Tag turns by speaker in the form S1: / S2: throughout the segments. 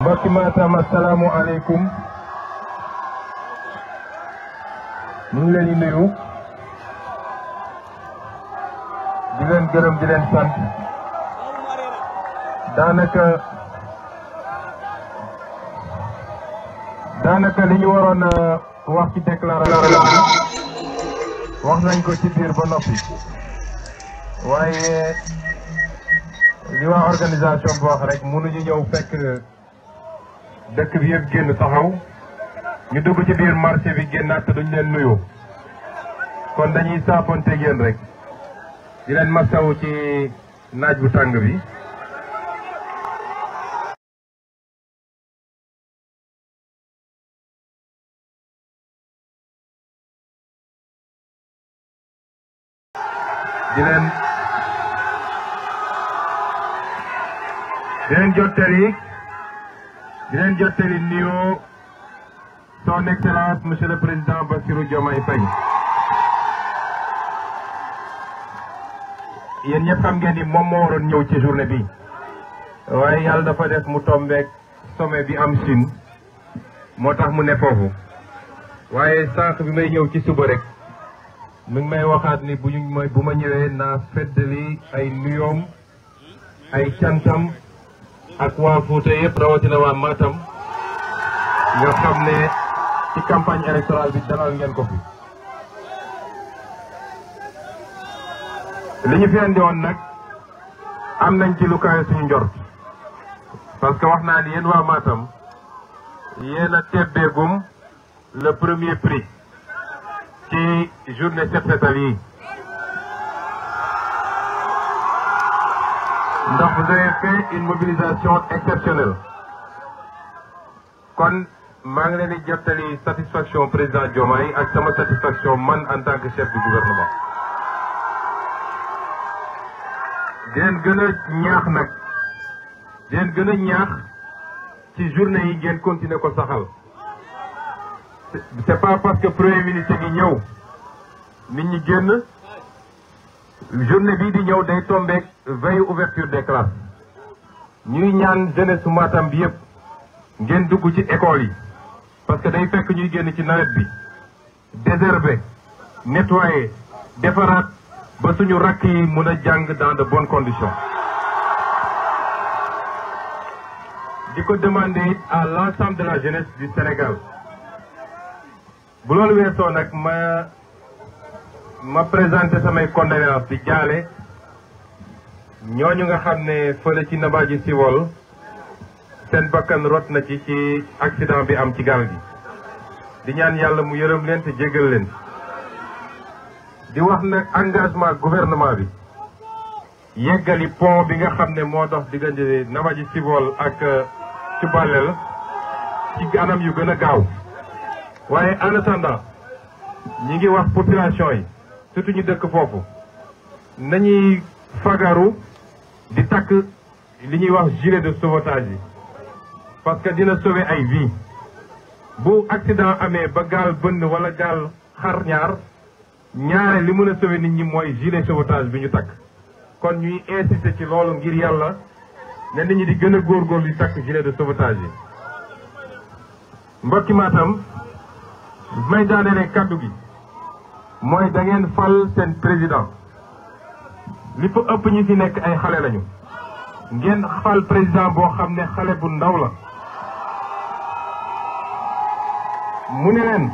S1: mbokki Matam asalaamu aleykum ñu ngi leen di nuyu di leen gërëm di leen sant daanaka daanaka li ñu waroon a uh, wax ci déclaration wax nañ ko ci biir ba noppi waaye li waa organisation bi wax rek mënuñu ñëw fekk dëkk bi yëpp génn taxaw ñu dugg ci biir marché bi génnaat te duñ leen nuyoo kon dañuy saafonteeg yéen rek di leen masawu ci naaj bu tàng bi. di leen di leen di leen jottali nuyoo son excellence monsieur le président Bassirou Diomaye Faye yéen ñëpp xam ngeen ni moom moo waroon ñëw ci journée bi waaye yàlla dafa def mu tombeek sommet bi am Chine moo tax mu ne foofu waaye sànq bi may ñëw ci suba rek mu ngi may waxaat ni bu ñu bu ma ñëwee naa feddali ay nuyoom ay cantam ak waa Fouta yëpp rawatina waa Matam nga xam ne ci campagne électorale bi dalal ngeen ko fi. li ñu fi andi woon nag am nañ ci lu suñu njort parce que wax naa ni yéen waa Matam yéen a tebbeegum premier prix ci journée set setal yi ndax vous avez fait une mobilisation exceptionnelle kon maa ngi leen di jottali satisfaction président Diomaye ak sama satisfaction man en tant que chef du gouvernement. di leen gën a ñaax nag di leen gën a ñaax ci journée yi ngeen continuer ko saxal. c'est pas parce que premier ministre ngi ñëw nit ñi génn. journée bii di ñëw day tombeek veille ouverture des classes ñuy ñaan jeunesse su bi yëpp ngeen dugg ci école yi parce que day fekk ñuy génn ci nawet bi désherber nettoyer defaraat ba suñu rakk yi mun a jàng dans de bonnes condition di ko demander à l'ensemble de la jeunesse du Sénégal bu loolu weesoo nag ma ma présenté samay condoléances di jaale ñoo ñu nga xam ne fële ci Nabadji Civol seen bakkan rot na ci ci accident bi am ci gaal gi di ñaan yàlla mu yërëm leen te jégal leen di wax nag engagement gouvernement bi yeggali pont bi nga xam ne moo dox diggante Nabadji Civol ak euh, Cubalel ci anam yu gën a gaaw waaye en ñi ngi wax population yi surtout dëkk foofu nañuy fagaru di takk li ñuy wax gilet de sauvetage yi parce que dina sauver ay vie bu accident amee ba gaal bënn wala gaal xar ñaar ñaare li mën a sauver nit ñi mooy gilet sauvetage bi ñu takk kon ñuy insister ci loolu ngir yàlla ne nit ñi di gën a góor di takk gilet de sauvetage yi mbokki Matam may daanee kàddu gi mooy da ngeen fal seen président lipp ëpp ñi fi nekk ay xale lañu ngeen fal président boo xam ne xale bu ndaw la mu ne leen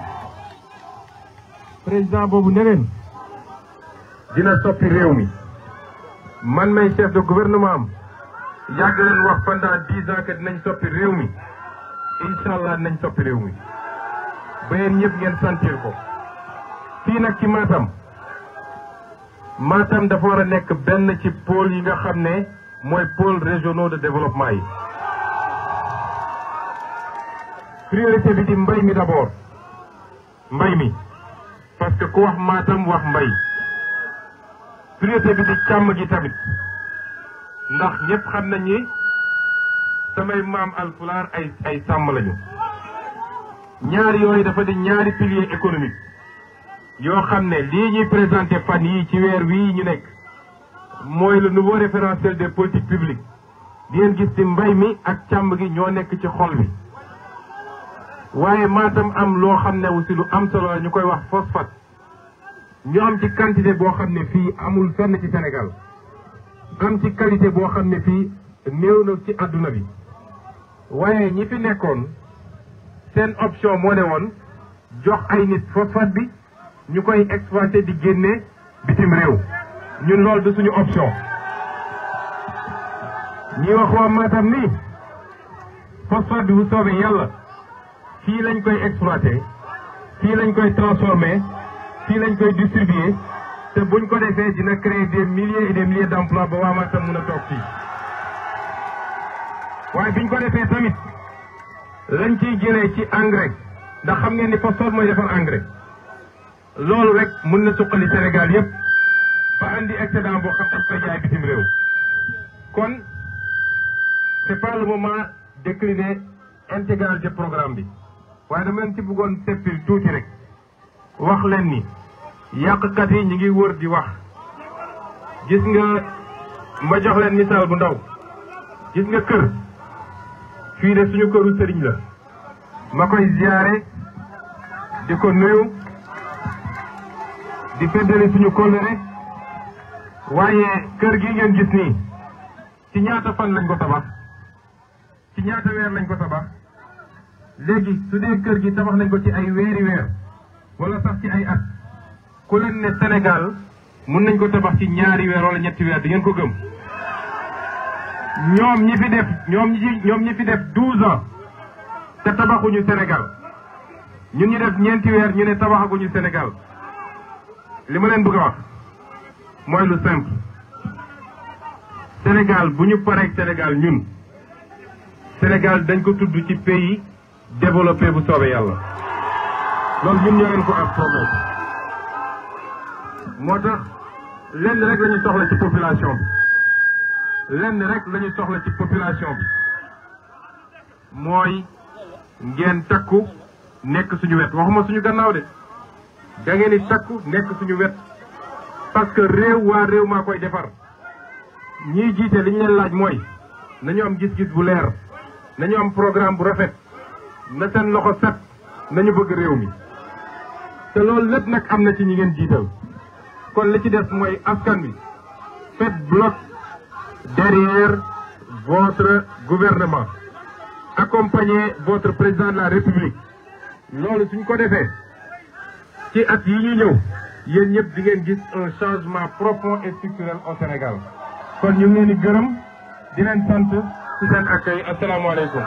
S1: président boobu ne leen dina soppi réew mi man may chef de gouvernement am yàgg leen wax pendant dix ans que soppi réew mi incha allah dinañ soppi réew mi ba yéen ñëpp ngeen sentir ko fii nag ci Matam Matam dafa war a nekk benn ci pôle yi nga xam ne mooy pôle régionaux de développement yi priorité bi di mbay mi d'abord mbay mi parce que ku wax Matam wax mbay priorité bi di càmm gi tamit ndax ñëpp xam nañ ni samay maam alpulaar ay ay sàmm lañu ñaari yooyu dafa di ñaari pilier économique yoo xam ne lii ñuy présenté fan yi ci weer wii ñu nekk mooy le nouveau référentiel des politiques publiques di ngeen gis ci mbay mi ak càmb gi ñoo nekk ci xol bi waaye maatam am loo xam ne si lu am solo la ñu koy wax phosphate ñu am ci quantité boo xam ne fii amul fenn ci Sénégal am ci qualité boo xam ne fii néew na ci àdduna bi waaye ñi fi nekkoon seen option moo ne woon jox ay nit phosphate bi ñu koy exploité di génne bitim réew ñun lool du suñu option ñi wax waa Matam ni phosphate bi bu soobee yàlla fii lañ koy exploité fii lañ koy transformé fii lañ koy distribué te buñ ko defee dina créer des milliers et des milliers d'emplois ba waa Matam mën a toog fii waaye biñ ko defee tamit lañ ciy jëlee ci engrais ndax xam ngeen ni phosphate mooy defar engrais loolu rek mën na suqali Sénégal yépp ba andi excédent boo xam ne koy jaay bitim réew kon c'est pas le moment décliner programme bi waaye na dama leen ci bëggoon seppil tuuti rek wax leen ni yàqkat yi ñu ngi wër di wax gis nga ma jox leen misaal bu ndaw gis nga kër fii de suñu këru sëriñ la ma koy ziyaare di ko nuyu di feddali suñu kóllëre waaye kër gi ngeen gis nii ci ñaata fan lañ ko tabax ci ñaata weer lañ ko tabax léegi su dee kër gi tabax nañ ko ci ay weeri weer wala sax ci ay at ku leen ne Sénégal mun nañ ko tabax ci ñaari weer wala ñetti weer di ngeen ko gëm ñoom ñi fi def ñoom ñi ñoom ñi fi def douze te tabaxuñu Sénégal ñun ñu def ñeenti weer ñu ne tabaxaguñu Sénégal li ma leen bëgg a wax mooy lu simple Sénégal bu ñu pareeg Sénégal ñun Sénégal dañ ko tudd ci pays développé bu soobee yàlla loolu ñun ñoo leen ko ak problème moo tax lenn rek la soxla ci population bi lenn rek la soxla ci population bi mooy ngeen takku nekk suñu wet waxuma suñu gannaaw de da ngeen di takku nekk suñu wet parce que réew waa réew maa koy defar ñiy jiite li ñu leen laaj mooy nañu am gis-gis bu leer nañu am programme bu rafet na seen loxo set nañu bëgg réew mi te loolu lépp nag am na ci ñi ngeen jiital kon la ci des mooy askan wi faites bloc derrière votre gouvernement accompagnez votre président de la république loolu suñ ko defee ci at yi ñu ñëw yéen ñëpp di ngeen gis un changement profond et structurel au Sénégal kon ñu ngi leen di gërëm di leen sant ci seen accueil asalaamaaleykum